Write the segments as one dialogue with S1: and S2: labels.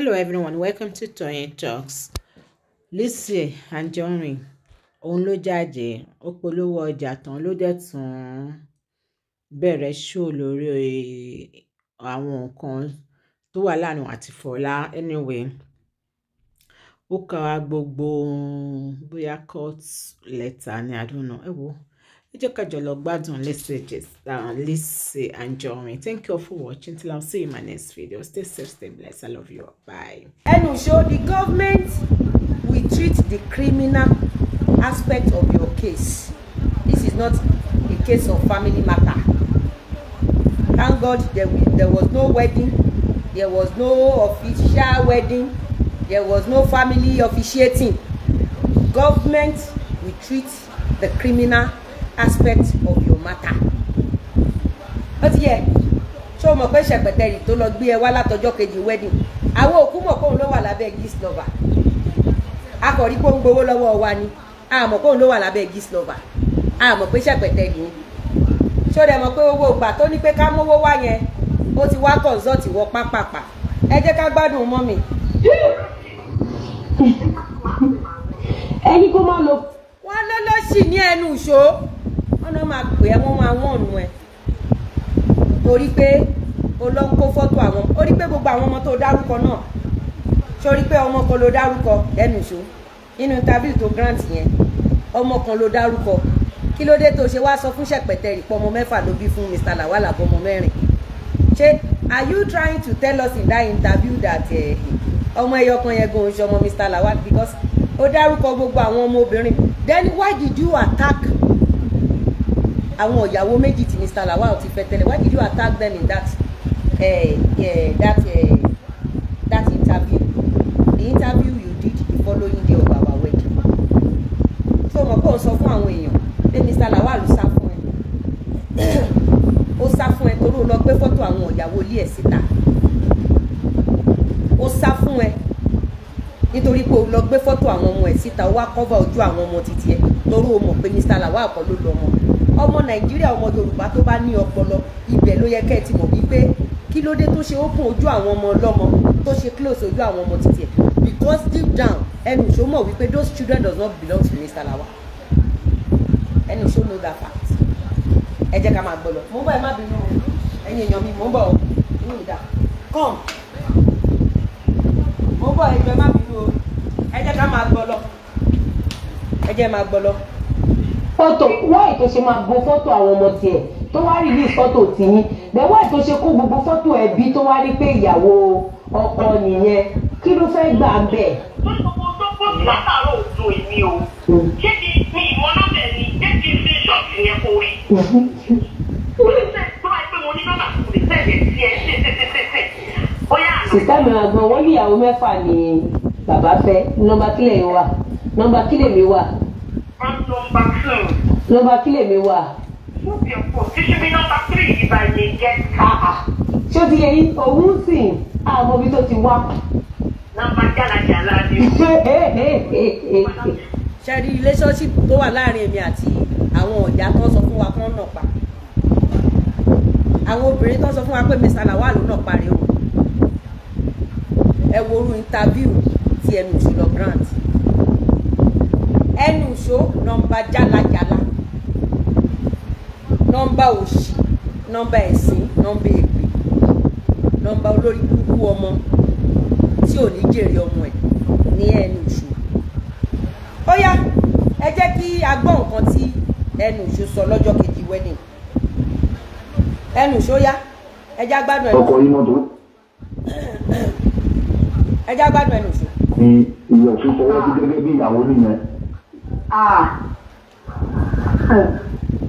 S1: Hello everyone, welcome to Toyeen Talks. Lizzy Anjorin òun ló jáde ó polówó ọjà tán ló dẹ̀ tún bẹ̀rẹ̀ ṣó lórí eh, àwọn nǹkan tó wà láàánú àti Fọlá anyway ó ka gbogbo bóyá court letter ni I don't know ẹ wo. E ẹ jẹ́ ká jọlọ gbádùn uh, Lizzy Anjorin thank you all for watching till i'll see you in my next video stay safe stay blessed i love you all bye. ẹnu ṣó the government we treat the criminal aspect of your case this is not a case of family matter thank god there, there was no wedding there was no official wedding there was no family officiating government we treat the criminal aspect of your matter ó ti yẹ ṣé o mọ̀ pé ṣẹ̀pẹ̀tẹ̀rì tó lọ gbé ẹ wá látọjọ́ kejì wedding àwọn òkú mọ̀ kóun ló wà lábẹ́ gist lover akọ̀rí kó ń gbowó lọ́wọ́ wa ni àmọ̀ kóun ló wà lábẹ́ gist lover àmọ̀ pé ṣẹ̀pẹ̀tẹ̀rì ni ṣó dẹ̀ mọ̀ pé owó ìgbà tó ní pé ká mówó wá yẹn ó ti wá consult wọ pápápá ẹ jẹ́ ká gbádùn mọ́ mi. ẹni kó má lọ. wọ́n ló ló ní ẹnu ìṣó wọn náà máa pè ẹ wọn máa wọ́n nu ẹ torí pé o lọ kó fọ́tò àwọn ó rí pé gbogbo àwọn ọmọ tó dárúkọ náà sórí pé ọmọ kan ló dárúkọ lẹ́nu ṣó tábìlì tó grant yẹn ọmọ kan ló dárúkọ kí ló dé tó ṣe wá sọ fún ṣẹpẹtẹ rí pọ ọmọ mẹ́fà ló bí fún Mr. Lawal àbọmọ mẹ́rin ṣe are you trying to tell us in that interview that eh, ọmọ ẹyọ kan yẹn gan oṣù ọmọ Mr. Lawal because ó dárúkọ gbogbo àwọn ọmọ obìnrin then why did you attack àwọn ìyàwó méjì tí Mr. Lawal ti fẹ́ tẹ́lẹ̀ why did you attack them in that uh, uh, that uh, that interview the interview you did the following day of our wedding so mo kò sọ fún àwọn èèyàn pé Mr. Lawal sá fún ẹ ó sá fún ẹ torí ó lọ gbé fọ́tò àwọn ìyàwó ilé ẹ̀ síta ó sá fún ẹ nítorí pé o lọ gbé fọ́tò àwọn ọmọ ẹ̀ síta ó wá kọ́fà ojú àwọn ọmọ títí ẹ torí o mọ̀ pé Mr. Lawal kọ́ ló lọ ọmọ rẹ ọmọ nàìjíríà ọmọ yorùbá tó bá ní ọpọlọ ibẹ̀ ló yẹ kẹ́ ẹ ti mọ̀ wípé kí ló dé tó ṣe open ojú àwọn ọmọ ọlọ́mọ tó ṣe close ojú àwọn ọmọ títí ẹ̀ because deep down ẹnu ìṣó mọ̀ wípé those children does not belong to Mr. Lawal ẹnu ìṣó know that fact ẹ jẹ́ ká máa gbọ́ lọ mo ń ẹ má bínú ẹ̀yin èèyàn mi mo ń inú ìdá come mo ń bọ̀ ẹ̀jọ̀ má bínú ẹ jẹ́ ká máa gbọ́ lọ ẹ jẹ́ máa gbọ́ lọ fọ́tò wáì tó ṣe máa bo fọ́tò àwọn ọmọ tiẹ̀ tó wá release fọ́tò tìyín bẹ́ẹ̀ wáì tó ṣe kó gbogbo fọ́tò ẹbí tó wá rí pé ìyàwó ọkọ nìyẹn kí ló fẹ́ gbà bẹ́ẹ̀. wọ́n ní gbogbo
S2: tó pọ̀ sí látàárọ̀ òdo èmi o mm-hmm. ṣé kí ni ìmọ̀ náà bẹ̀ ni ṣé kí n fi ṣọ́ọ̀tì yẹn kó rí.
S1: sìtá mìíràn gan wọ́n ní ìyàwó mẹ́fà ni bàbá fẹ́ nọ́mbà kílẹ̀ mi wà nọ́mbà kílẹ̀ mi wà
S2: number two.
S1: Number kí lèmi wà?
S2: Move your phone. You should be number three if I may get car.
S1: Ah, ah. Ṣé o ti yẹ yín òun sìn? Àwọn ibi tó ti wá. Nàmbà jàlàjàlà ni. Ṣé rí relationship tó wà láàrin èmi àti àwọn ọ̀yà tó sọ fún wa kán nà pa? Àwọn obìnrin tó sọ fún wa pé Mr. Lawal ló nà parí o. Ẹ wo orú interview tí ẹnu ti lọ grant ẹnu ìṣó nọmba jálajàla nọmba òṣì nọmba ẹ̀sìn nọmba èpè nọmba olórí kúkú ọmọ tí ò ní jèrè ọmọ ẹ̀ ní ẹnu ìṣó ó yá ẹ jẹ́ kí a gbọ́ nǹkan tí ẹnu ìṣó sọ lọ́jọ́ kejì wẹ́nì ẹnu ìṣó yá ẹ já gbádùn ẹnu. ọkọ yín mọ́tò. ẹ já gbádùn ẹnu ìṣó.
S3: ìyẹ̀wò fífọwọ́ sí gẹ́gẹ́ bí ìyàwó nìyẹn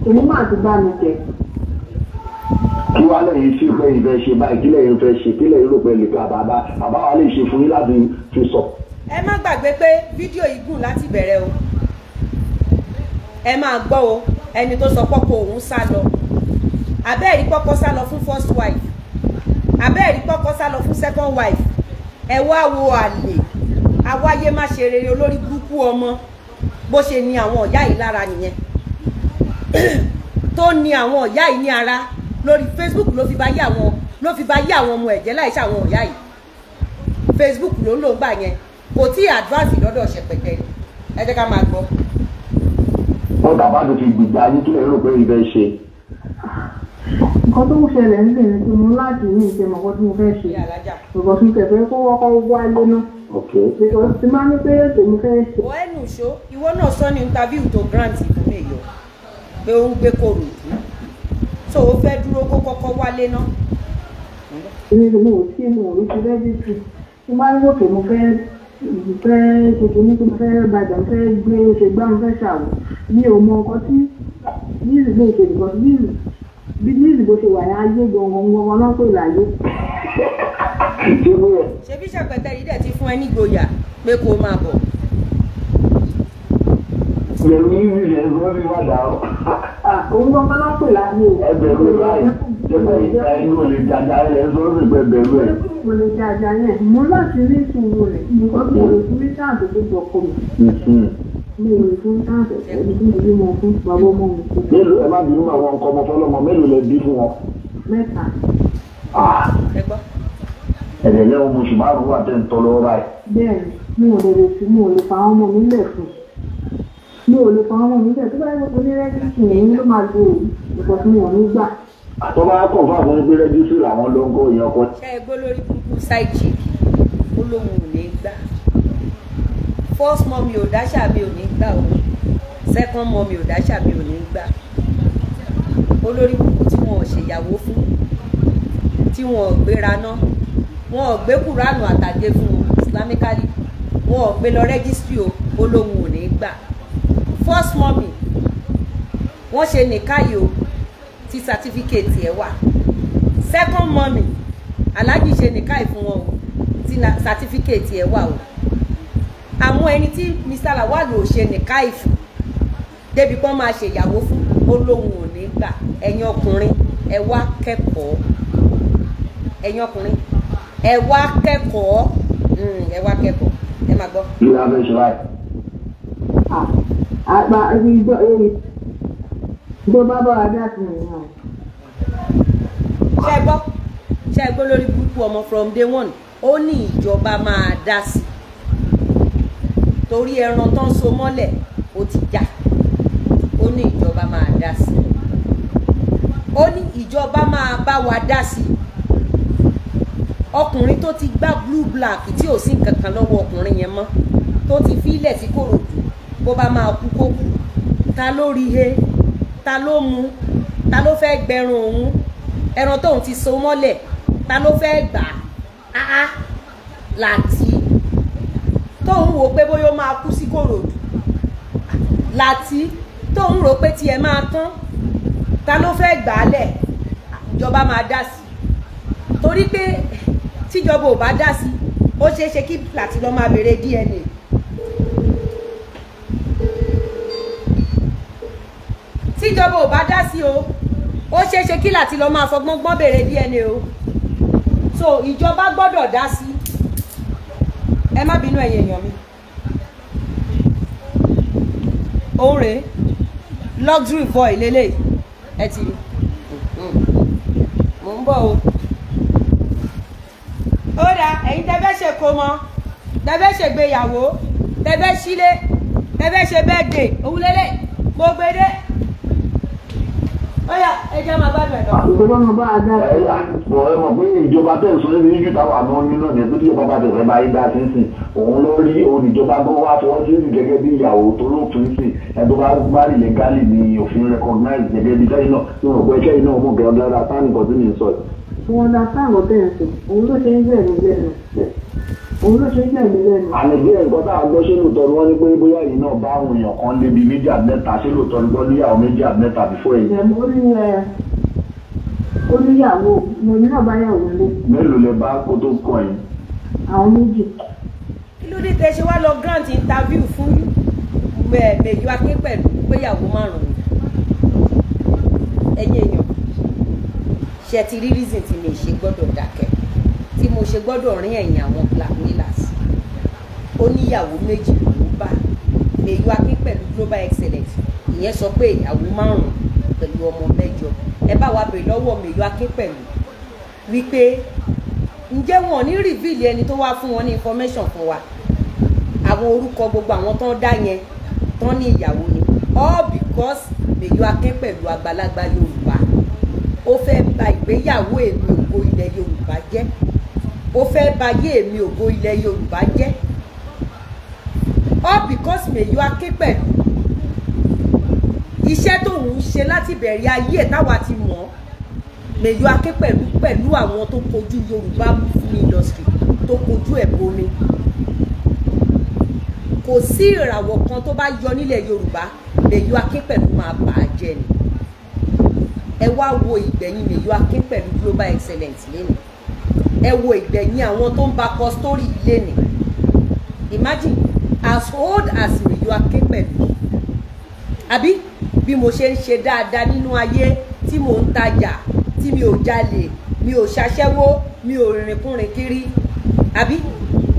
S2: èmi máa ti bá mi jẹ.
S3: kí wàá lẹ́yìn sí ìfẹ́ ìfẹ́ ṣe báyìí kí lẹ́yìn fẹ́ ṣe kí lẹ́yìn rò pé lè gbà bàbá bàbá wa lè ṣe fún yín láti fi sọ.
S1: ẹ má gbàgbé pé fídíò yìí gùn láti bẹ̀rẹ̀ o ẹ máa gbọ́ o ẹni tó sọ pọ́kọ òun sá lọ abẹ́ẹ̀rí pọ́kọ sá lọ fún first wife abẹ́ẹ̀rí pọ́kọ sá lọ fún second wife ẹ wá wo àlè àwáyé má ṣe rere olórí burúkú ọmọ bó ṣe ni àwọn ọ̀yá yìí lára nìyẹn tó ni àwọn ọ̀yá yìí ní ara lórí Facebook ló fi bá yí àwọn ló fi bá yí àwọn ọmọ ẹ̀jẹ̀ láì ṣe ọ̀yá yìí Facebook ló ń lò ń gbà yẹn kò tí advance lọ́dọ̀ ṣẹpẹtẹ ni ẹ jẹ́ ká máa gbọ́.
S3: wọ́n bàbá mi fi gbìgbà yín kí lè rò pé ibẹ̀ ṣe.
S2: nǹkan tó ń ṣẹlẹ̀ ń lè ní kí mo láti ní ìṣẹ̀mọ̀kọ́ tí mo fẹ́ ṣe. ìyá alájà. kẹ̀kẹ́ kó wọ́kọ́ wá ilé náà ti máa ní pé tèmi fẹ́ ṣe.
S1: wọ́n ẹnu ṣó ìwọ náà sọ ní interview tó grant fún mi yọ pé ó ń gbé kòrò dùn tó o fẹ́ dúró kó kọ́kọ́ wálé náà.
S2: èmi lè mú òtí mi ò rí ti rẹ́jísì mo máa ń wòkè mo fẹ́ mo fẹ́ tuntun ní kí mo fẹ́ bàjẹ́ mo fẹ́ gbé ṣe mo fẹ́ ṣàwọ̀ mi ò mọ nǹkan tí yìí lè ṣe nǹkan yìí bí nílùú bó ṣe wà ní ayé gbọ̀ngàn gbọ̀ngàn náà pè láyé.
S1: ṣebí ṣàpẹtẹ yìí dẹ̀ ti fún ẹ nígboyà pé kó máa bọ̀.
S3: yẹmi yìí yẹn ló rí wà dà ó.
S1: òun gbọ́ngàn náà pè láyé ẹgbẹ̀rún báyìí
S3: ṣẹfẹ̀ ìta inú olè dada rẹ̀ sọ́sì gbẹgbẹ̀rún
S2: ẹ̀. mo láti rí ìṣòro rẹ̀ nǹkan tó lè fi mí sáà tó gbogbo ọkọ mi mo rè fún
S3: táàbù ẹni tí mo bí mọ fún bàbá ọmọ mi. mélòó ẹ má bínú àwọn nǹkan ọmọ fọlọmọ mélòó lẹ bí fún wọn. mẹ́ta. ẹ̀rẹ̀ lẹ́wọ̀n mo sì máa rú àtẹ̀ ń tọ́lọ́ báyìí. bẹ́ẹ̀
S2: mi ò lè retí mi ò lè pa ọmọ mi lẹ̀ fún mi ò lè pa ọmọ mi lẹ̀ tó bá yẹ kó ní rẹ́gísì yẹn ló máa lo ìkọ̀ tí wọn ní gbà.
S3: àtọ́bá kọ̀ fún àwọn ẹgbẹ́ rẹ́gísì làwọn ló ń kó ìyẹn kọ́. ṣé
S1: é gbọ́ lórí kúkú side chick first mọ mi ò dáṣà mi ò ní gbà o second mọ mi ò dáṣà mi ò ní gbà olórí kúkú tí wọn ò ṣèyàwó fún tí wọn ò gbéra ná wọn ò gbé kúránù àtàgé fún islamically wọn ò gbé lọ rẹ́gísítì o olóhùn ò ní gbà first mọ mi wọ́n ṣe nìkáyìí o tí sátífíkèétì ẹ̀ wà second mọ mi aláàjì ṣe nìkáyìí fún wọn o tí sátífíkèétì ẹ̀ wà o àwọn ẹni tí Mr. Lawal ò ṣe nìka ìfù débi kan máa ṣèyàwó fún ó lóun ò gbà ẹ̀yin ọkùnrin ẹ wá kẹ́kọ̀ọ́ ẹ̀yin ọkùnrin ẹ wá kẹ́kọ̀ọ́ hmm, ẹ wá kẹ́kọ̀ọ́ ẹ
S3: máa gbọ́. kí ló ń bẹ ṣe báyìí.
S2: àgbà ìjọ èyí tó bá bá wa dá sí ìrìn àwọn.
S1: ṣe gbọ́ ṣe gbọ́ lórí burúkú ọmọ from day one ó ní ìjọba máa dá sí i torí ẹran tán so mọ́lẹ̀ ó ti já ó ní ìjọba máa dá sí ó ní ìjọba máa bá wa dá sí ọkùnrin tó ti gbá blue black tí ò sí nǹkan kan lọ́wọ́ ọkùnrin yẹn mọ́ tó ti fílẹ̀ sí kòròdú bó bá máa kú kó kú ta ló rí he ta ló mu ta ló fẹ́ gbẹrun òun ẹran tóun ti so mọ́lẹ̀ ta ló fẹ́ gbà á láti tóun wò pé bóyá ó máa kú sí kòròdú láti tóun rò pé tiẹ̀ máa tán ta ló fẹ́ gbà á lẹ̀ ìjọba máa dá sí torí pé tíjọba ò bá dá sí ó ṣeé ṣe kí láti lọ máa béèrè DNA tíjọba ò bá dá sí o ó ṣeé ṣe kí láti lọ máa fọgbọ́n gbọ́n béèrè DNA o so ìjọba gbọ́dọ̀ dá sí ẹ má bínú ẹ̀yin èèyàn mi òun luxury boy lélẹ̀ ẹ ti rí mò ń bọ̀ o ó dà ẹ̀yin tẹ́ fẹ́ ṣe kó mọ tẹ́ fẹ́ ṣe gbéyàwó tẹ́ fẹ́ sílé tẹ́ ṣe bẹ́ẹ̀ dè òun lélẹ̀ mo gbé ọyà ẹja máa bá bẹ̀rẹ̀ lọ. àtúntò
S3: bá máa bá a dá ẹ àtúntò ẹ mọ̀ pé ìjọba tẹ̀ ń sọ níbi yíjú táwọn àná ọyún náà ní ẹgbẹ́ ìjọba bá tẹ̀sẹ̀ bá yí dá sí sí òun ló rí olùjọba gan wá fọwọ́ sí sí gẹ́gẹ́ bí ìyàwó tó lófin sí ẹ̀dọ́ bá bá rí lẹ́gálì ní òfin recognize gẹ́gẹ́ bí sẹ́yìn náà tí wọ́n gbọ́ iṣẹ́ iná ọmọ gẹ̀ọ́dá òun ló ṣe jẹ́ ìlú lẹ́nu. àlejò ẹ̀kọ́ tá a gbọ́ ṣé lóòótọ́ ni wọ́n ní pé bóyá èyí náà bá àwọn èèyàn kan lébi méjì àbẹ́ta ṣé lóòótọ́ ni wọ́n níyàwó méjì àbẹ́ta bífọ́ èyí. ó ní ẹ
S2: ó níyàwó mo ní náà bá yàwó lé. mélòó
S3: lè bá kó tó kọ yín.
S2: àwọn méjì.
S1: kí ló dé tẹ ṣe wá lọ grant interview fún mẹ̀ẹ́mẹ̀yọ aké pẹ̀lú péyàwó márùn-ún ẹ̀yìn èèyàn ṣe ti rí reason ti lè ṣe gbọ́dọ̀ dákẹ́ tí mo ṣe gbọ́dọ̀ rin ẹ̀yìn àwọn blackmailers ó níyàwó méjì lòún bá èyí wá pín pẹ̀lú global excellence ìyẹn sọ pé ìyàwó márùn pẹ̀lú ọmọ mẹ́jọ ẹ bá wa bèrè lọ́wọ́ mi ìyá akin pẹ̀lú wípé ǹjẹ́ wọn ò ní rìvíìlì ẹni tó wá fún wọn ní information fún wa àwọn orúkọ gbogbo àwọn tán dá yẹn tán ní ìyàwó ni all because mèyọ akin pẹ̀lú àgbàlagbà yorùbá ó fẹ́ bà ìgbéyàwó èmi ògo ilẹ̀ yorùbá jẹ́ ó fẹ́ bayé mi ògo ilẹ̀ Yorùbá jẹ́ all because Mèyí Akínpẹ̀lú iṣẹ́ tóun ń ṣe láti bẹ̀rẹ̀ ayé ẹ̀ táwa ti mọ̀ ọ́ Mèyí Akínpẹ̀lú pẹ̀lú àwọn tó kojú Yorùbá movie industry tó kojú ẹ̀ bomi kò sí ìràwọ̀ kan tó bá yọ nílẹ̀ Yorùbá Mèyí Akínpẹ̀lú máa bà á jẹ́ ni ẹ wá wo ìgbẹ̀yìn Mèyí Akínpẹ̀lú global excellence lẹ́nu ẹ wo ìgbẹ̀yìn àwọn tó ń ba kọ ilé ni imagine as old as me you are capable àbí bí mo ṣe ń ṣe dáadáa nínú ayé tí mò ń tajà tí mi ò jalè mi ò ṣaṣẹ́wó mi ò rìnrìnkúrìn kiri àbí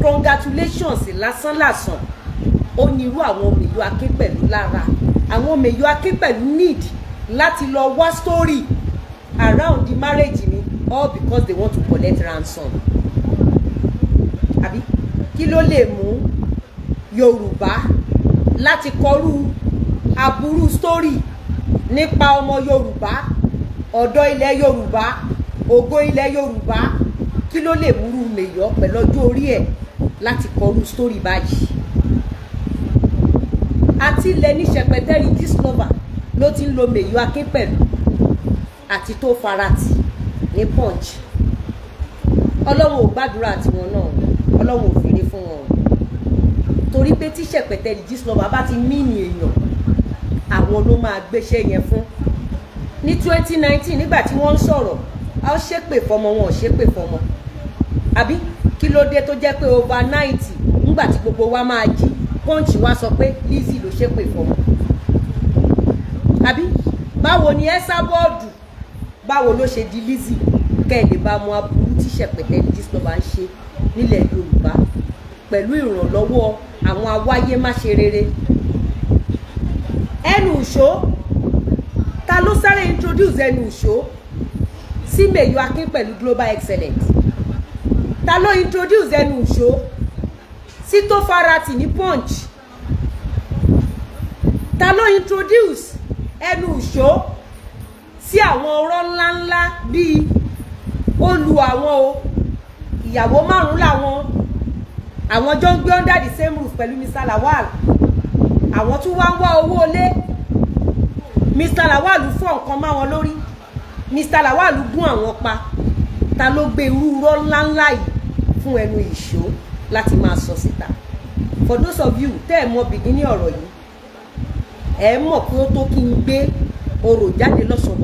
S1: congratulations lásán lásán ó ní irú àwọn mèyó aké pẹ̀lú lára àwọn mèyó aké need láti lọ wá story around the marriage all because they want to collect ransom àbí kí ló lè mú yorùbá láti kọrú aburú story nípa ọmọ yorùbá ọ̀dọ́ ilẹ̀ yorùbá ògo ilẹ̀ yorùbá kí ló lè múrú mèyọ pẹ̀lú ọjọ́ orí ẹ̀ láti kọrú story báyìí àti ilẹ̀ ní sẹpẹtẹ́rì discover ló ti ń lo mèyọ akínpẹ̀lú àti tó farati ní punch ọlọ́run ò gbàdúrà tiwọn náà ọlọ́run ò fèrè fún wọn torí pé tí ṣẹ̀pẹ̀tẹ̀ Gistlover bá ti mìíní èèyàn àwọn ló máa gbéṣẹ́ yẹn fún ní twenty nineteen nígbà tí wọ́n ń sọ̀rọ̀ a ó ṣépè fọmọ wọn ò ṣépè fọmọ àbí kí ló dé tó jẹ́ pé overnight nígbà tí gbogbo wa máa jí punch wa sọ pé Lizzy ló ṣépè fọmọ àbí báwo ni ẹ sábọ́ọ̀dù báwo ló ṣe di Lizzy kẹ́ ẹ̀ lè bá mọ aburú tí ṣẹ̀pẹ̀tẹ̀ Gistlover ń ṣe nílẹ̀ Yorùbá pẹ̀lú ìrànlọ́wọ́ àwọn awáyé má ṣe rere ẹnu ìṣó ta ló sáré introduce ẹnu ìṣó sí Mèyọ Akin pẹ̀lú Global Excellence ta ló introduce ẹnu ìṣó sí Tofarati ní Punch ta ló introduce ẹnu ìṣó sí àwọn ọ̀rọ̀ ńláńlá bíi ó àwọn o ìyàwó márùn làwọn àwọn jọ ń gbé under the same roof pẹ̀lú Mr Lawal àwọn tún wá ń wá owó ilé Mr Lawal fọ́ nǹkan má wọn lórí Mr Lawal gún àwọn pa ta ló gbé irú irọ́ ńláńlá yìí fún ẹnu ìṣó láti máa sọ síta for those of you tẹ́ ẹ̀ mọ̀ bìíní ọ̀rọ̀ yìí ẹ̀ mọ̀ kí ó tó kí n gbé orò jáde lọ́sàn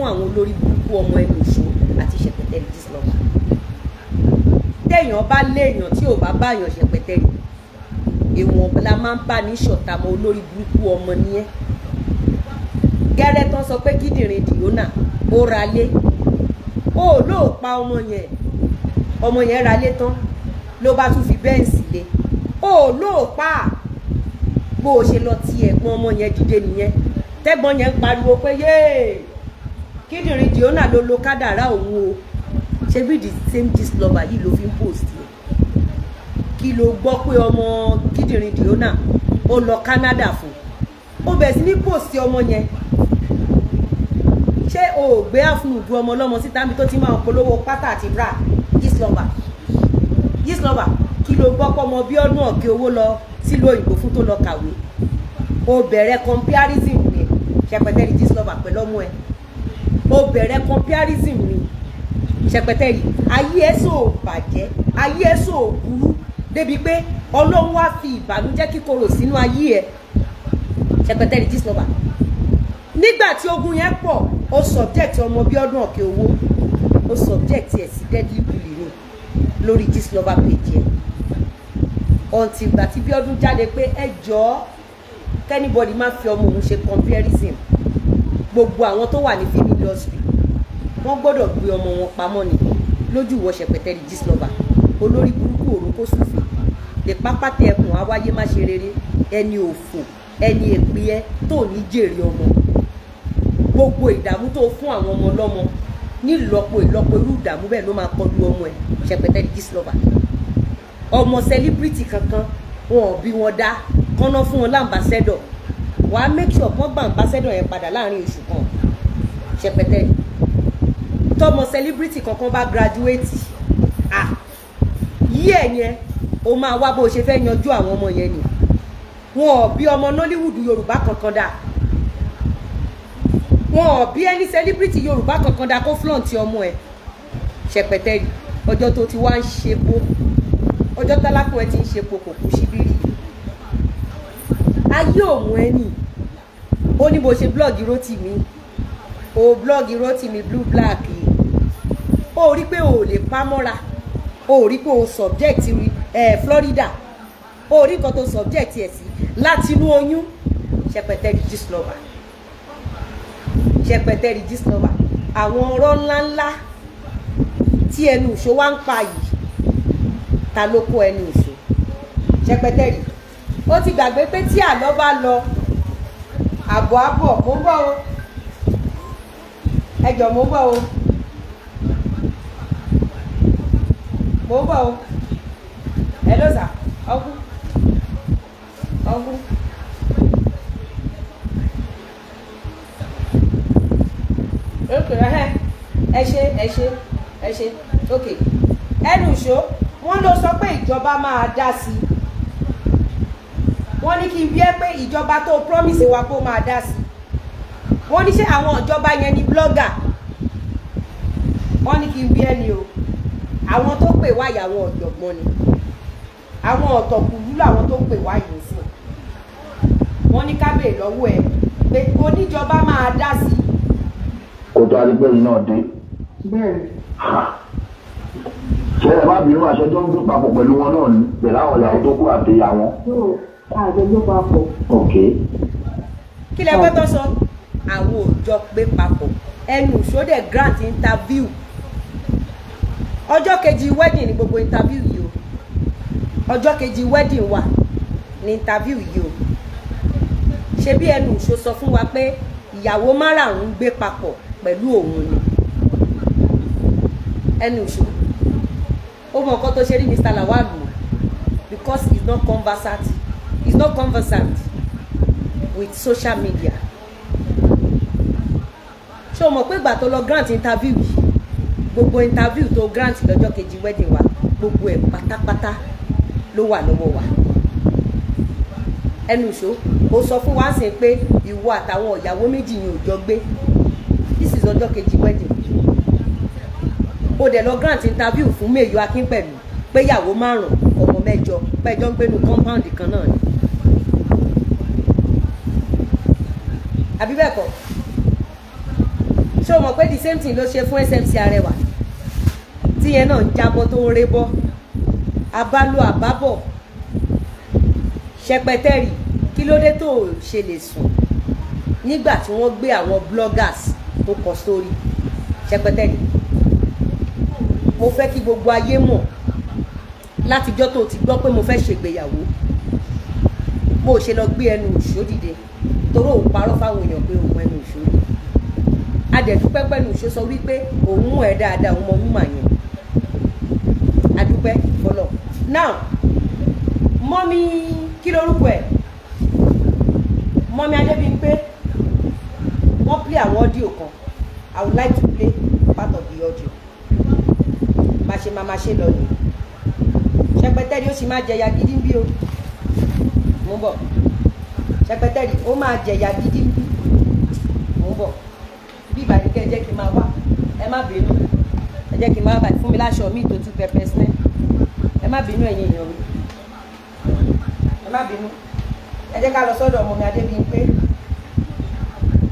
S1: fún àwọn olórí burúkú ọmọ ẹnu òṣù àti ṣẹpẹtẹrì dislọba téèyàn bá léèyàn tí ò bá báyàn ṣẹpẹtẹrì èèwọ̀n la máa ń bá ní ṣọ̀tàmọ́ olórí burúkú ọmọ nìyẹn gẹ́rẹ́ tán sọ pé kíndìnrín dìónà ó ra lé ó lóò pa ọmọ yẹn ọmọ yẹn ra lé tán ló bá tún fi bẹ́ǹsì lé ó lóò pa bó o ṣe lọ ti ẹ̀gbọ́n ọmọ yẹn dìde nìyẹn tẹ́gbọ́n yẹn ń pariwo pé yéè kíndìnrín Diona ló lo kádàrá òun o ṣebí the same gist lover yìí ló fi ń post yẹn kí ló gbọ́ pé ọmọ kíndìnrín Diona ó lọ Canada fún ó bẹ̀rẹ̀ sí ní post ọmọ yẹn ṣé o ò gbé àfúnùdù ọmọ ọlọ́mọ síta mi tó ti máa polówó pátá àti bra gist lover gist lover kí ló gbọ́ pọ́ ọmọ bí ọdún ọ̀kẹ́ owó lọ sílùú òyìnbó fún tó lọ kàwé o bẹ̀rẹ̀ comparison yẹn ṣẹpẹtẹ ní gist lover pẹ̀lú ọmọ ẹ̀ o comparison ni ṣẹpẹtẹ yìí ayé ẹ sọ bàjẹ́ ayé ẹ sọ burú débi pé ọlọ́run wá fi ìbànújẹ́ kíkorò sínú ayé ẹ ṣẹpẹtẹ yìí jíṣ lọ́ba nígbà tí ogun yẹn pọ̀ o subject ọmọ bí ọdún ọ̀kẹ́ owó o subject ẹ̀ sí deadly bullying. ni lórí jíṣ lọ́ba page ẹ̀ until gbàtí bí ọdún jáde pé ẹ jọ kẹ́nìbọ̀dì má fi ọmọ òun ṣe comparison gbogbo àwọn tó wà ní family hospital wọ́n gbọ́dọ̀ gbé ọmọ wọn pamọ́ ni lójú ìwọ ṣẹpẹtẹrì gíslọba olórí burúkú òrókó sùfì lè pápátẹ ẹkùn awáyé má ṣe rere ẹni òfò ẹni èpè ẹ tó ní jèrè ọmọ gbogbo ìdààmú tó fún àwọn ọmọ lọ́mọ nílọ́po ìlọ́po irú ìdààmú bẹ́ẹ̀ ló máa kọlu ọmọ ẹ ṣẹpẹtẹrì gíslọba ọmọ sẹlíbírìtì kankan wọn ò bí wọn dá kọ́nà fún wọn láǹbàṣẹ́dọ̀ wàá make sure kán gba ambassador yẹn padà láàrin oṣù kan ṣẹpẹtẹ tọmọ celebrity kankan bá graduate ah yí ẹ yẹn o máa wá bó o ṣe fẹ́ yanjú àwọn ọmọ yẹn ni wọn ò bí ọmọ Nollywood Yorùbá kankan dà wọn ò bí ẹni celebrity Yorùbá kankan dà kó flaunt ọmọ ẹ ṣẹpẹtẹ rí ọjọ́ tó ti wá ń ṣepo ọjọ́ tálákùn ẹ ti ń ṣepo kò kú síbírì ayé òun ẹni ó ní mo ṣe blọọgì mi, o blọọgì mi blue black yìí ó rí pé o ò lè pamọ́ra o rí pé o subject eh, Florida o rí nǹkan tó subject ẹ̀ sí láti inú oyún ṣẹpẹtẹrì gíslọba ṣẹpẹtẹrì gíslọba àwọn ọ̀rọ̀ ńláńlá tí ẹnu ìṣó wá ń pa yìí ta ló kó ẹnu ìṣó ṣẹpẹtẹrì ó ti gbàgbé pé tí àlọ́ bá lọ àbọ̀ àbọ̀ mo ń bọ̀ o ẹjọ̀ mo ń bọ̀ o mo ń bọ̀ o hello sir ọkú ọkú. Eh, eh. ẹ ṣe ẹ ṣe ẹ ṣe ok ẹnu ìṣó wọn ló sọ pé ìjọba máa dá sí i wọ́n ní kí n bí ẹ pé ìjọba tó promise wa kó máa dá sí wọ́n ní ṣé àwọn ìjọba yẹn ni blogger wọ́n ní kí n bí ẹ ni o àwọn tó pè wá ìyàwó ọ̀jọ̀gbọ́n ni àwọn ọ̀tọ̀kùlú làwọn tó pè wá yìí sí wọ́n ní kábẹ̀ lọ́wọ́ ẹ̀ pé oníjọba máa dá sí.
S3: kò tó arígbẹ́yìn náà dé. bẹ́ẹ̀. ṣé ẹ má bínú àṣẹ tó ń gbé papọ̀ pẹ̀lú wọn náà pẹ̀lú àwọn ìyàwó tó kú àti wọn àjọjọ papọ̀.
S1: kí lẹ fẹ́ tó sọ àwọn òòjọ́ pé papọ̀ ẹnu ìṣódẹ̀ grant interview ọjọ́ kejì wedding ni gbogbo interview yìí o ọjọ́ kejì wedding wa ni interview yìí o ṣebí ẹnu ìṣó sọ fún wa pé ìyàwó márààrún ń gbé papọ̀ pẹ̀lú òun ni ẹnu ìṣó ó mọ nǹkan tó ṣe rí Mr. Lawal Lawalu because he is not conversant not conversant with social media ṣé o mọ̀ pé ìgbà tó lọ grant interview yìí gbogbo interview tó grant lọ́jọ́ kejì wedding wa gbogbo ẹ̀ pátápátá ló wà lọ́wọ́ wa ẹnu ìṣó o sọ fún wa sí pé ìwọ àtàwọn ìyàwó méjì yìí ò jọ gbé this is ọjọ́ kejì wedding o dẹ̀ lọ grant interview fún Mèyọ Akínpẹ̀lú pé ìyàwó márùn-ún ọmọ mẹ́jọ pẹ́jọ́ ń gbénu compound kan náà ni àbí bẹ́ẹ̀ kọ́ ṣé o mọ̀ pé the same thing ló ṣe fún SMC Arẹwà tíyẹn náà ń jábọ́ tó ń rébọ́ abálò àbábọ̀ ṣẹpẹtẹ́rì kí ló dé tó o ṣe lè sùn nígbà tí wọ́n gbé àwọn bloggers tó kọ sórí ṣẹpẹtẹ́rì mo fẹ́ kí gbogbo ayé mọ̀ látijọ́ tó ti gbọ́ pé mo fẹ́ ṣègbéyàwó mo ṣe lọ gbé ẹnu òṣòdìde torí òun parọ́ fáwọn èèyàn pé òun ẹnu òṣó ni adẹ̀dúpẹ́ pẹ̀lú òṣó sọ wípé òun mú ẹ dáadáa òun mọ wúmà yẹn adúpẹ́ fọlọ́ now mọ́mí kí lorúkọ ẹ̀ mọ́mí adébíyìnpé wọ́n play àwọn audio kan i would like to play part of the audio máa ṣe máa máa ṣe lọ ni ṣẹpẹtẹ ni ó sì máa jẹ ya gidi bí o mo bọ̀ pẹpẹtẹ yìí ó máa jẹ̀yà gidi bí mò ń bọ̀ bí ìbàdí kẹ́ ẹ jẹ́ kí n máa wà ẹ má bínú ẹ jẹ́ kí n máa bàtí fún mi láṣọ mi tó tú pẹpẹ sí ẹ má bínú ẹ̀yin èèyàn mi ẹ má bínú ẹ jẹ́ ká lọ sọ́dọ̀ ọmọ mi Adébíyìnpé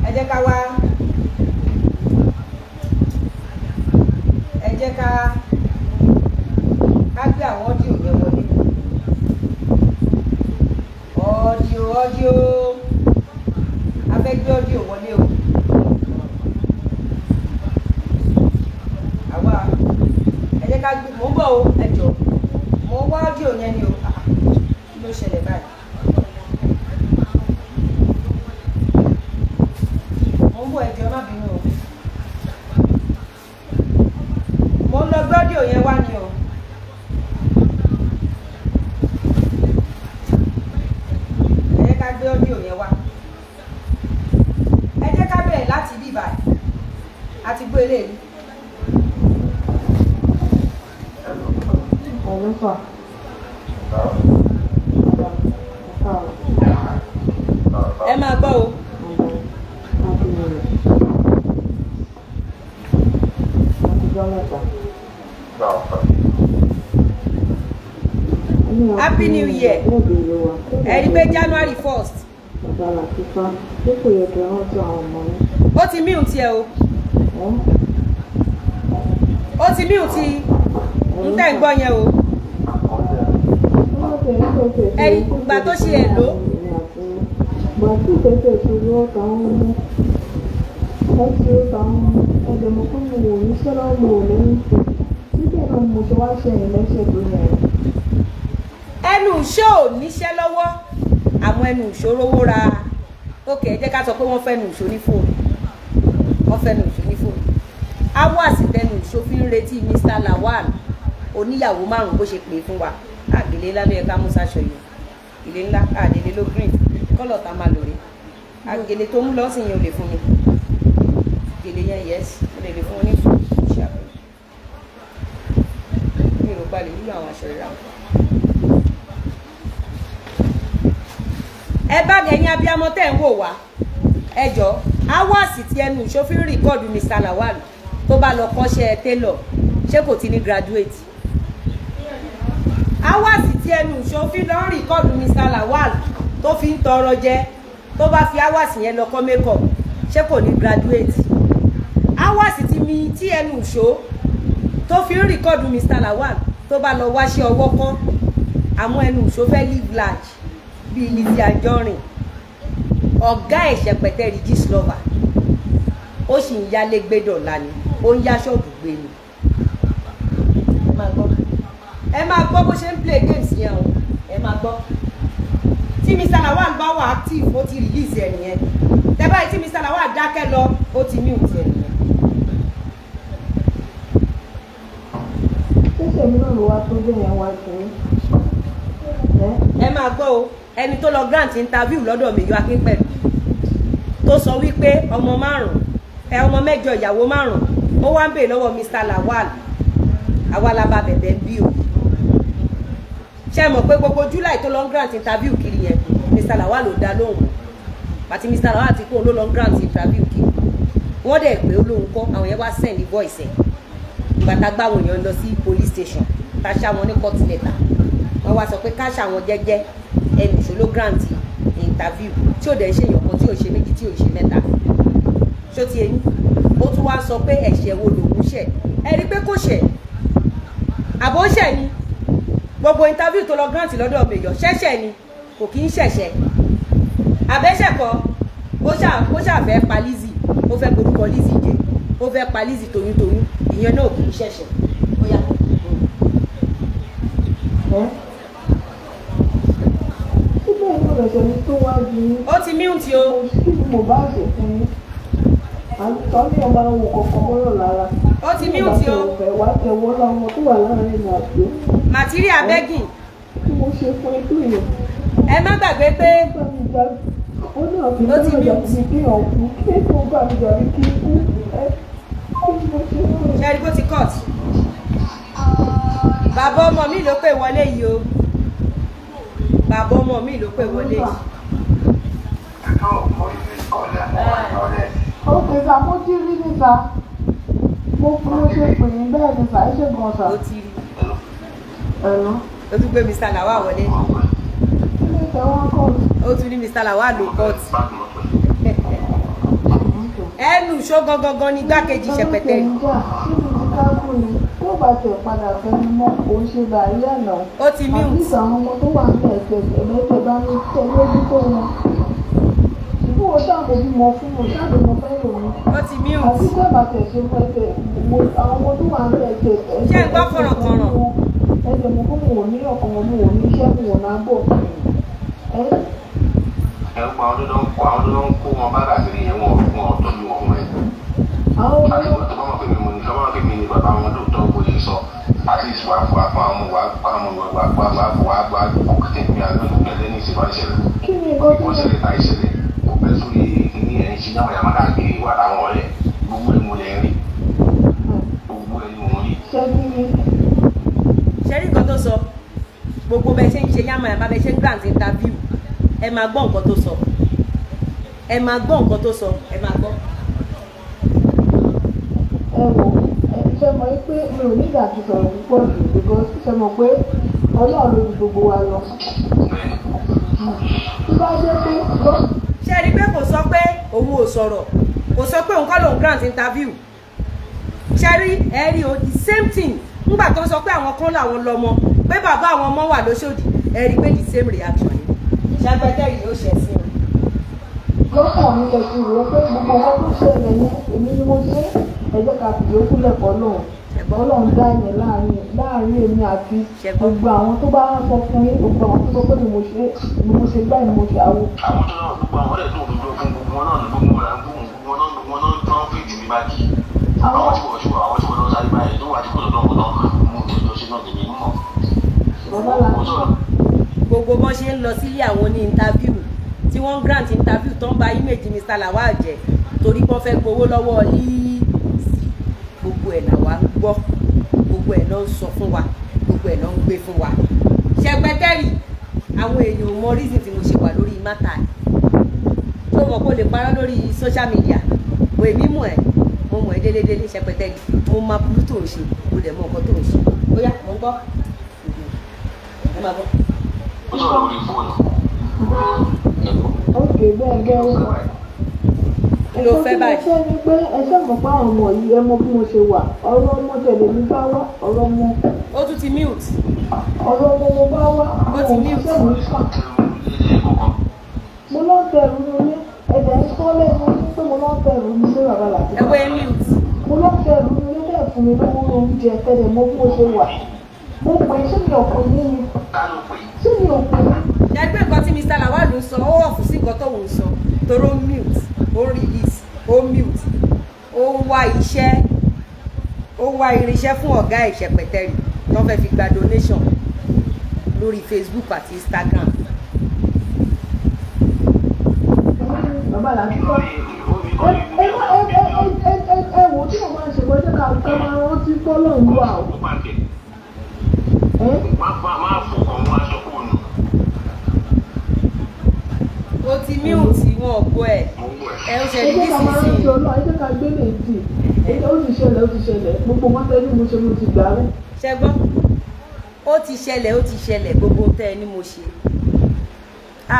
S1: ẹ jẹ́ ká wá ẹ jẹ́ ká ká gbé àwọn you happy new year ẹ̀rí pé january
S2: first. ọ̀gbàlà fífa tí kò yẹ kí wọ́n tún àwọn ọmọ yẹn.
S1: ó ti mí òtí ẹ o. ó ti mí òtí ń tẹ̀ ń gbọ́ yẹn o. ẹ̀rí ìgbà tó ṣe ẹ̀ ló.
S2: ìgbà tí ìfẹ́fẹ́ ìṣòro ọ̀tá ń mú ọ̀tí ọ̀tá ń mú ọ̀dọ̀mọ̀kọ́ mi wò ní
S1: sọ́dọ̀ mi ò lóyún síbẹ̀ náà mo ti wá ṣe ìlẹ́sẹ̀ tó yẹ ẹnu ìṣó ò níṣẹ́ lọ́wọ́ àwọn ẹnu ìṣó rówó ra ókè ẹ jẹ́ ká sọ pé wọ́n fẹ́nu ìṣó ní fóònù wọ́n fẹ́nu ìṣó ní fóònù awas tẹnu ìṣó fi ń retí Mr Lawal oníyàwó márùn bó ṣe pè fún wa àgbélé ńlá ló yẹ ká mú sáṣọ yìí ìlé ńlá àdélé ló green kọ́lọ̀ tá a máa lò rí àgèlè tó mú lọ́sìn yẹn ò lè fún mi gèlè yẹn yes ó lè lè fún mi ní fún mi ò gbàlè nínú àwọn aṣọ ìràwọ̀. ẹ bá mi ẹ̀yin abiyamọ tẹ́ ń wò wá ẹ jọ awáàsì ti ẹnu ìṣòfin rìkọ́ọ̀dù Mr. Lawal tó bá lọ kọ́ṣẹ́ tailor ṣé kò ti ní graduate awáàsì ti ẹnu ìṣòfin lọ rìkọ́ọ̀dù Mr. Lawal tó fi ń tọrọ jẹ tó bá fi awáàsì yẹn lọ kọ́ makeup ṣé kò ní graduate awáàsì ti mi tí ẹnu ìṣó tó fi ń rìkọ́ọ̀dù Mr. Lawal tó bá lọ wáṣẹ́ ọwọ́ kọ́ àwọn ẹnu ìṣó fẹ́ live large bíi Lizzy Anjorin ọ̀gá ẹ̀ṣẹ̀ pẹ̀tẹ́rì Gistlover ó sì ń yálé gbé dọ̀la ó ń yá ṣọ́ọ̀bù gbé ni ẹ máa gbọ́ bó ṣe ń play games yẹn o ẹ máa gbọ́ tí Mr. Lawal bá wà active ó ti release ẹ̀ nìyẹn tí Mr. Lawal dákẹ́ lọ ó ti mute ẹ̀ nìyẹn. ṣíṣe mi náà ló wá tó bẹ́ẹ̀ yẹn wá sí ẹ máa gbọ́ o ẹni tó lọ grant interview lọ́dọ̀ mi yọ akínpẹ̀lú tó sọ wípé ọmọ márùn ẹ ọmọ mẹ́jọ ìyàwó márùn ó wá ń bè lọ́wọ́ Mr Lawal awalaba bẹ̀bẹ̀ bí o ṣe mọ̀ pé gbogbo July tó lọ grant interview kiri yẹn Mr Lawal ò dá lóhùn àti Mr Lawal ti kóhun ló lọ grant interview kiri wọ́n dẹ̀ pé olóhùn kọ́ àwọn yẹn wá send voice ẹ̀ ìgbà tá a gbá àwọn èèyàn lọ sí police station tá a ṣá wọn ní court letter wọ́n wá sọ pé ká ṣá jẹ́jẹ́ ẹnì tó ló grant interview tí ò dẹ̀ ń ṣe èèyàn kan tí ò ṣe méjì tí ò ṣe mẹ́ta ṣó ti eyín ó tún wá sọ pé ẹ̀ṣẹ̀ wo lòun ṣẹ̀ ẹ rí pé kò ṣẹ̀ àbò ṣẹ̀ ni gbogbo interview tó lọ grant lọ́dọ̀ ọ̀bẹ̀yọ̀ ṣẹ̀ṣẹ̀ ni kò kí ń ṣẹ̀ṣẹ̀ àbẹ́ṣẹ̀ kọ́ ó ṣàfẹ́ pa Lizzy ó fẹ́ borúkọ Lizzy jẹ ó fẹ́ pa Lizzy toyúntoyún ìyẹn náà kì í ṣẹ̀ṣẹ̀ ó yà kó. Hm? bẹ̀tẹ̀ mi tó wá ju yín. ó ti míùtì o.
S2: kí ni mo bá dé fún àǹtọ́ ní ọba ohun kọ̀ọ̀kan mọ́rọ̀ lára. ó ti míùtì o.
S1: ìbàdàn wà tẹ̀wọ́ lọ́wọ́ tó wà láàrin ìrìn àjò. màtíríà bẹ́gìn. kí mo ṣe fún ikú yẹn. ẹ má gbàgbé pé. ó ní ọ̀gbìn tó lọ́jà mi kí ọ̀kú kí ètò gbàgbà mi kí ikú ẹ ṣe àdìgbò ti cut bàbá ọmọ mi ló pè wọlé yìí o bàbá ọmọ mi ló pè wọlé yìí.
S2: ó ti sá mo ti rí ní sá mo kú ló
S1: ṣe pè ní bẹ́ẹ̀ ni sá ẹ ṣe gan sá. ó ti rí ẹnu. ó tún gbé Mr. Lawa wọlé. ó tún ní Mr. Lawa ló kọ́ọ̀tù. ẹnu ṣó gangan ni igbákejì ṣẹpẹtẹ
S2: tó bá tẹ̀ padà fẹ́ni mọ́ kò ń ṣe báyìí ẹ̀nà àbísà àwọn ọmọ tó wà ní ẹ̀sẹ̀ ẹ̀mẹ́tẹ̀ bá ní tẹ̀ lójú tó wọn ìbú wo ṣáàbò bí mo fún mo ṣáàbò mo fẹ́ lò ní. ó ti mí o. àti tó bá tẹ̀ ṣe pẹ́tẹ́ àwọn ọmọ tó wà ní ẹ̀sẹ̀ ẹ̀sẹ̀ ṣe ń gbọ́
S3: kọ̀rọ̀kọ̀rọ̀.
S2: ẹ̀sẹ̀ mo wò ní ọkàn wọn wò ní iṣẹ́ mi wò náà bọ̀. ẹ
S3: ẹ ọdún náà ń kó ọdún náà ń kó bá wọn lóòótọ́ òye sọ at least wàá fọ àpá àwọn wàá pa àwọn ìwà wàá pa wàá fọ wàá gba kókìtì ní agbẹ́lẹ́ ní ìsìnkú àìṣẹ̀lẹ̀
S1: ìbò ìṣẹ̀lẹ̀ ta ìṣẹ̀lẹ̀ kò bẹ́ sórí ní ẹ̀ ń ṣe náà yàrá káàkiri wà láwọn ọ̀lẹ́ gbogbo ẹ̀ mo lẹ̀ rí gbogbo ẹ̀ ni mo rí. ṣẹ́rí nǹkan tó sọ ṣe ń ṣe yàmà yàmà bẹ́ẹ̀ ṣe ń grant interview ẹ máa gbọ́ nǹkan tó sọ ẹ máa gbọ́ nǹkan tó sọ ẹ máa gbọ́.
S2: pé mi ò nígbà tó sọ̀rọ̀ púpọ̀ jù because ṣe mọ̀ pé ọlọ́run ló ju gbogbo
S1: wa lọ. tó bá jẹ́ pé. ṣé ẹ rí i pé kò sọ pé òun ò sọ̀rọ̀ kò sọ pé òun kọ́ lòun grant interview ṣe rí ẹ rí o the same thing ńgbà tó sọ pé àwọn kan làwọn lọmọ pé bàbá àwọn ọmọ wà lóṣòdì ẹ rí i pé the same reaction ni ṣàgbẹ́tẹ̀ yìí ó ṣẹ̀ sí i lọ́kàn
S2: mi lọ sí ìwé pé gbogbo owó tó ṣẹlẹ̀ ní èmi ni mo ṣe ẹgbẹ́ ká fìyókù lẹ́kọ̀ọ́ náà ọlọ́run dá yẹn láàrin láàrin èmi àti gbogbo àwọn tó bá sọ fún yín gbogbo àwọn tó sọ pé mo ṣe ni mo ṣe gbá ìmọ̀ ṣe àwo. àwọn tó náà gbogbo àwọn ẹ̀dùn òdodo fún gbogbo wọn náà ní gbogbo wọn náà gbogbo wọn náà wọn náà tán fèjì ní bá kí àwọn tí wọ́n
S1: ṣe àwọn tí wọ́n lọ sáré báyìí tó wà tí kò lọ́dọ̀ ọ̀dọ̀ mú náà tèmi gbogbo bọ́n ṣe ń lọ sílé àwọn ní interview tí wọ́n grant interview tó ń ba image Mr. Lawal jẹ́ torí wọ́n fẹ́ gbowó lọ́wọ́ yìí gbogbo ẹ̀ làwa ń gbọ́ gbogbo ẹ̀ náà ń sọ fún wa gbogbo ẹ̀ náà ń gbé fún wa ṣẹpẹtẹrì àwọn èèyàn mọ reason tí mo ṣe wà lórí mátà yìí tó mọ̀ kó lè parọ́ lórí social media wo èmi mọ̀ ẹ́ mo mọ̀ ẹ́ délédélé ṣẹpẹtẹrì mo máa burú tó ń ṣe mo dẹ̀ mọ nǹkan tó ń ṣe bóyá mo ń gbọ́ ẹ máa bọ́.
S2: ó sọ̀rọ̀ lórí fóònù. bẹ́ẹ̀ gẹ́gẹ́ kí ló báyìí. ẹ̀sọ́ ni pé pé ọmọ yìí ẹ mọ bí mo ṣe wà ọ̀rọ̀ ọmọ tẹ̀lé mi bá wá ọ̀rọ̀ ọmọ.
S1: ó tún ti mute.
S2: ọ̀rọ̀ ọmọ mo bá wá àwọn òṣìṣẹ́ mi mo lọ bẹ̀rù mi ní ẹ̀jẹ̀ ń sọ lẹ́nu pé mo lọ bẹ̀rù mi ní bàbá làbí. ẹ wẹ́ mute. mo lọ bẹ̀rù mi ní bẹ́ẹ̀ fún mi lówó oúnjẹ tẹ́lẹ̀ mọ bí mo ṣe wà. mo pè é sí mi ọ̀pọ̀ yín ni
S1: sí mi ọ̀pọ̀ yín. ṣàgbé nǹkan tí Mr. Lawal ń sọ ó wọ̀ fún sí nǹkan tó ń sọ toró mute ó mute ó ń wá iṣẹ́ ó ń wá irinṣẹ́ fún ọ̀gá ìṣẹ̀pẹ̀tẹ̀rì tó fẹ́ fi gba donation lórí Facebook àti Instagram. bàbá la ti kọ́ ẹ wò
S2: tí mo máa ń ṣègbè ẹjẹ ká ká máa rántí fọlọ́ ń wà o.
S1: o ti mí ò tí wọn ò gbọ́ ẹ̀
S2: ẹ ó ṣe ní sísìn
S1: ẹ jẹ́ ká gbé lè dì ó ti ṣẹlẹ̀ ó ti ṣẹlẹ̀ gbogbo wọn tẹ́lẹ̀ mo ṣe mo ti gbà rẹ̀. ṣẹgbọ́n ó ti ṣẹlẹ̀ ó ti ṣẹlẹ̀ gbogbo tẹ́ ẹ mo ṣe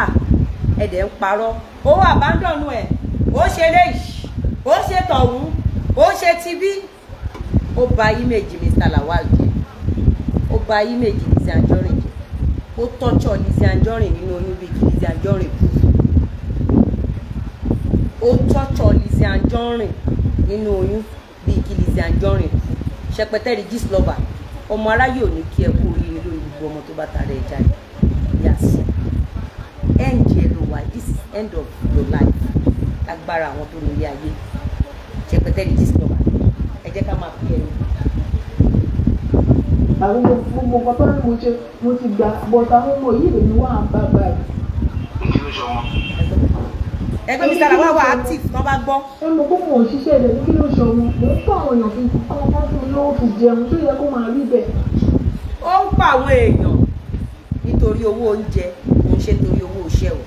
S1: ah ẹ̀dẹ̀ ń parọ́ ó wà abandon ẹ̀ ó ṣe léyìí ó ṣe tọ̀hún ó ṣe tibí ó bà ímèjì Mr. Lawal jẹ́ ó bà ímèjì Lizzy Anjorin jẹ́ ó tọ́jọ́ Lizzy Anjorin nínú oyún bíi Lizzy Anjorin kú ó tọ́tọ̀ Lizzy Anjorin nínú oyún bíi kí Lizzy Anjorin ṣẹpẹtẹrì gíslọba ọmọ aráyé ò ní kí ẹ kú oríire lórí gbogbo ọmọ tó bá tara ẹ jáde yàtọ̀ end ẹ ló wà this is end of your life agbára àwọn tó nílé ayé ṣẹpẹtẹrì gíslọba ẹ jẹ́ ká máa fi ẹnu.
S2: àwọn ọmọ nǹkan tó ń mo ṣe mo ti gbà bọ́tà ọmọ yìí lèmi wà á bá báyìí. kí ló ṣe ọmọ
S1: ẹgbẹ́ mi sára wá wà active
S2: tán bá gbọ́. ẹ mọ kókò òṣìṣẹ́ rẹ̀ ní kí ló ṣe ọmọ mò ń kọ́ àwọn èèyàn fi kọ́ fọ́tún
S1: lówó fi jẹun tó yẹ kó máa rí bẹ́ẹ̀. ó ń pa àwọn èèyàn nítorí owó oúnjẹ kò ń ṣe nítorí owó iṣẹ́ o.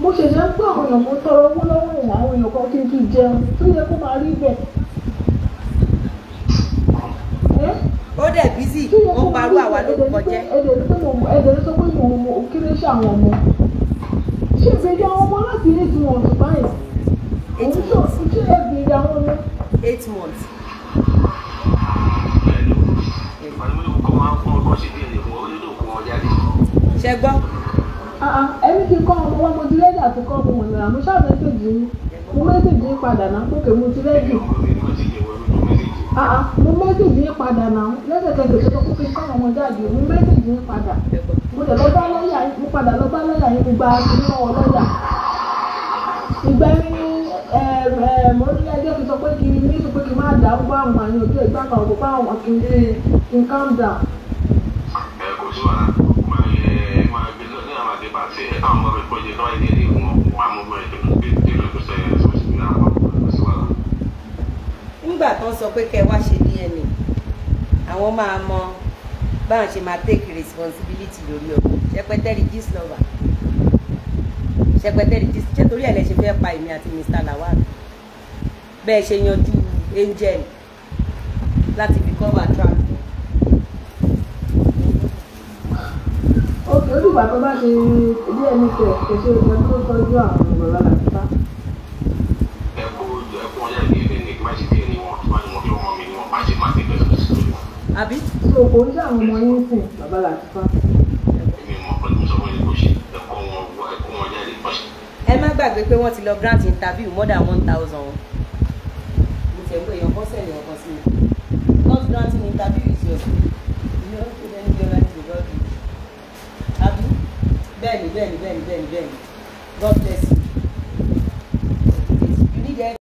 S2: mo ṣẹ̀ṣẹ̀ ń pé àwọn èèyàn mo tọrọ owó lọ́wọ́ àwọn èèyàn kan kí n fi jẹun tó yẹ kó máa rí bẹ́ẹ̀. dẹ̀ bísí ó parú àwa lórúkọ jẹ́. ẹ̀dẹ̀rẹ́ sọ pé mo mo kéré ṣe àwọn ọmọ ṣé ìbejì àwọn ọmọ láti ilé tí wọn
S1: ti báyìí òun ṣe ṣe ìbejì àwọn ọmọ. eight months. ṣe
S2: gbọ́. Ah, ah, ẹni tí kọ́ ọmọ wa mo ti rẹ́dì àti kọ́ ọmọ mọ̀nìyàn mo ṣáà mẹ́sẹ̀jì mo mẹ́sẹ̀jì padà náà pé kèmí mo ti rẹ́dì. Ah, mo mẹ́sìgì yín padà náà lẹ́sẹ̀kẹsẹ̀ tó kọ́kọ́ fi kọ́ àwọn jáde mo mẹ́sìgì yín padà mo dẹ̀ lọ bá lọ́ọ̀yà yín mo padà lọ bá lọ́ọ̀yà yín mo gba ìlú ọwọ́ lọ́ọ̀yà ìgbà ní mo ní ẹjọ́ fi sọ pé kí ní sọ pé kí má dà ó bá àwọn àyàn ojú ẹ̀gbá kan kó bá àwọn kí n calm down. ẹ kò sí wàhálà máa gbé lọ ní àwọn àgbébàtì àwọn ọmọ
S1: mi nígbà kan sọ pé kẹ́ ẹ wá ṣe ní ẹnì àwọn máa mọ báwọn ṣe máa take responsibility lórí ọkọ ṣẹpẹtẹrì gist lover ṣẹpẹtẹrì gist ṣé torí ẹ lẹ ṣe fẹ́ pa èmi àti Mr Lawal bẹ́ẹ̀ ṣe yanjú angel láti fi cover track.
S2: olùgbà tó bá ti rí ẹni kẹ̀ kò ṣe ìtọ́jú àwọn ọ̀rọ̀ lára. àbí. so kò ń dá àwọn ọmọ yín sìn bàbá làtúfà. èmi
S1: mọ̀ pé mo sọ fún yín kó ṣe ẹ̀kọ́ wọn wọ ẹ̀kọ́ wọn jáde pàṣẹ. ẹ má gbàgbé pé wọ́n ti lọ grant interview more than one thousand o. mo tẹ̀ ń pè yàn bọ́sẹ̀ ní ọkọ sí mi. not granting interview is your school. you know you don't get right to God. àbí bẹ́ẹ̀ni bẹ́ẹ̀ni bẹ́ẹ̀ni bẹ́ẹ̀ni God bless you.